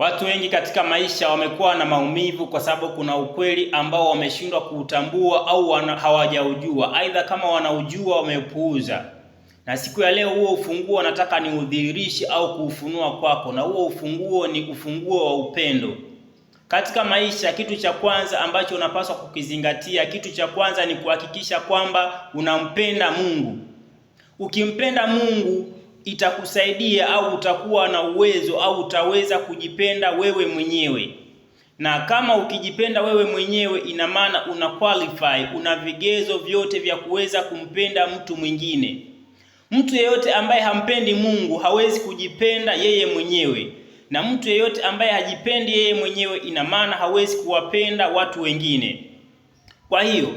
Watu wengi katika maisha wamekuwa na maumivu kwa sababu kuna ukweli ambao wameshindwa kuutambua au hawajaujua, aidha kama wanaujua wamepuuza Na siku ya leo huo ufunguo nataka udhihirishi au kuufunua kwako, na huo ufunguo ni ufunguo wa upendo. Katika maisha, kitu cha kwanza ambacho unapaswa kukizingatia, kitu cha kwanza ni kuhakikisha kwamba unampenda Mungu. Ukimpenda Mungu itakusaidia au utakuwa na uwezo au utaweza kujipenda wewe mwenyewe. Na kama ukijipenda wewe mwenyewe, ina maana una qualify, una vigezo vyote vya kuweza kumpenda mtu mwingine. Mtu yeyote ambaye hampendi Mungu hawezi kujipenda yeye mwenyewe, na mtu yeyote ambaye hajipendi yeye mwenyewe, ina maana hawezi kuwapenda watu wengine. Kwa hiyo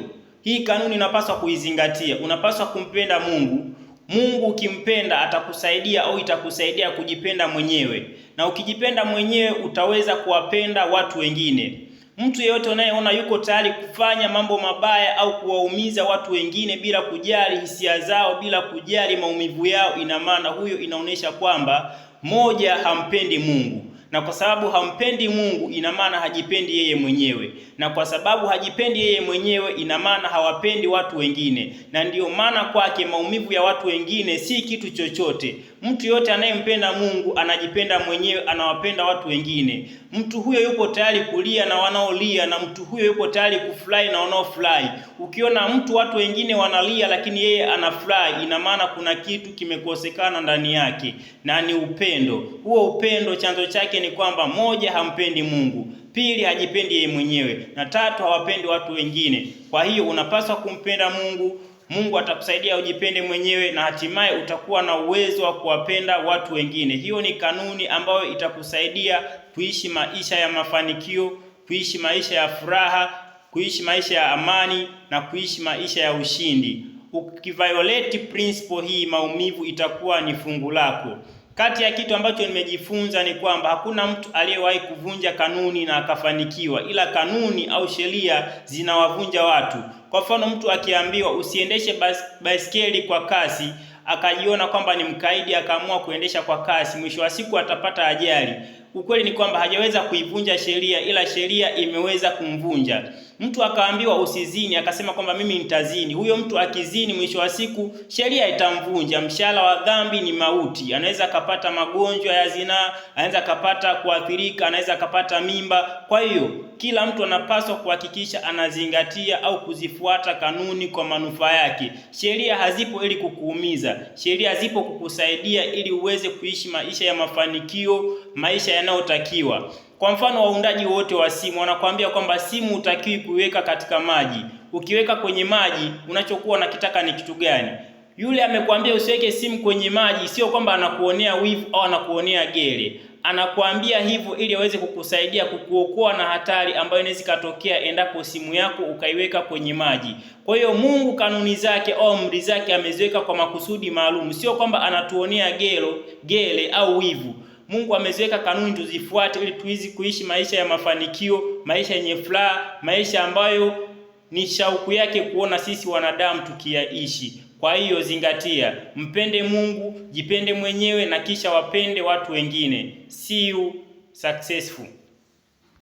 hii kanuni unapaswa kuizingatia. Unapaswa kumpenda Mungu Mungu ukimpenda atakusaidia au itakusaidia kujipenda mwenyewe, na ukijipenda mwenyewe utaweza kuwapenda watu wengine. Mtu yeyote unayeona yuko tayari kufanya mambo mabaya au kuwaumiza watu wengine bila kujali hisia zao, bila kujali maumivu yao, ina maana huyo inaonyesha kwamba moja, hampendi Mungu na kwa sababu hampendi Mungu ina maana hajipendi yeye mwenyewe, na kwa sababu hajipendi yeye mwenyewe ina maana hawapendi watu wengine, na ndiyo maana kwake maumivu ya watu wengine si kitu chochote Mtu yote anayempenda Mungu anajipenda mwenyewe, anawapenda watu wengine. Mtu huyo yupo tayari kulia na wanaolia, na mtu huyo yupo tayari kufurahi na wanaofurahi. Ukiona mtu watu wengine wanalia, lakini yeye anafurahi, ina maana kuna kitu kimekosekana ndani yake, na ni upendo. Huo upendo chanzo chake ni kwamba, moja, hampendi Mungu Pili, hajipendi yeye mwenyewe, na tatu, hawapendi watu wengine. Kwa hiyo unapaswa kumpenda Mungu, Mungu atakusaidia ujipende mwenyewe na hatimaye utakuwa na uwezo wa kuwapenda watu wengine. Hiyo ni kanuni ambayo itakusaidia kuishi maisha ya mafanikio, kuishi maisha ya furaha, kuishi maisha ya amani na kuishi maisha ya ushindi. Ukiviolate principle hii, maumivu itakuwa ni fungu lako. Kati ya kitu ambacho nimejifunza ni kwamba hakuna mtu aliyewahi kuvunja kanuni na akafanikiwa, ila kanuni au sheria zinawavunja watu. Kwa mfano mtu akiambiwa usiendeshe baisikeli kwa kasi, akajiona kwamba ni mkaidi, akaamua kuendesha kwa kasi, mwisho wa siku atapata ajali ukweli ni kwamba hajaweza kuivunja sheria, ila sheria imeweza kumvunja. Mtu akaambiwa usizini, akasema kwamba mimi nitazini. Huyo mtu akizini, mwisho wa siku sheria itamvunja. Mshahara wa dhambi ni mauti. Anaweza akapata magonjwa ya zinaa, anaweza akapata kuathirika, anaweza akapata mimba. Kwa hiyo kila mtu anapaswa kuhakikisha anazingatia au kuzifuata kanuni kwa manufaa yake. Sheria hazipo ili kukuumiza, sheria zipo kukusaidia ili uweze kuishi maisha ya mafanikio, maisha ya yanayotakiwa. Kwa mfano, waundaji wote wa simu wanakuambia kwamba simu hutakiwi kuiweka katika maji. Ukiweka kwenye maji, unachokuwa unakitaka ni kitu gani? Yule amekuambia usiweke simu kwenye maji, sio kwamba anakuonea wivu au anakuonea gere, anakuambia hivyo ili aweze kukusaidia kukuokoa na hatari ambayo inaweza ikatokea endapo simu yako ukaiweka kwenye maji. Kwa hiyo Mungu kanuni zake au amri zake ameziweka kwa makusudi maalum, sio kwamba anatuonea gero, gere au wivu. Mungu ameziweka kanuni tuzifuate, ili tuizi kuishi maisha ya mafanikio, maisha yenye furaha, maisha ambayo ni shauku yake kuona sisi wanadamu tukiyaishi. Kwa hiyo zingatia, mpende Mungu, jipende mwenyewe na kisha wapende watu wengine. See you successful.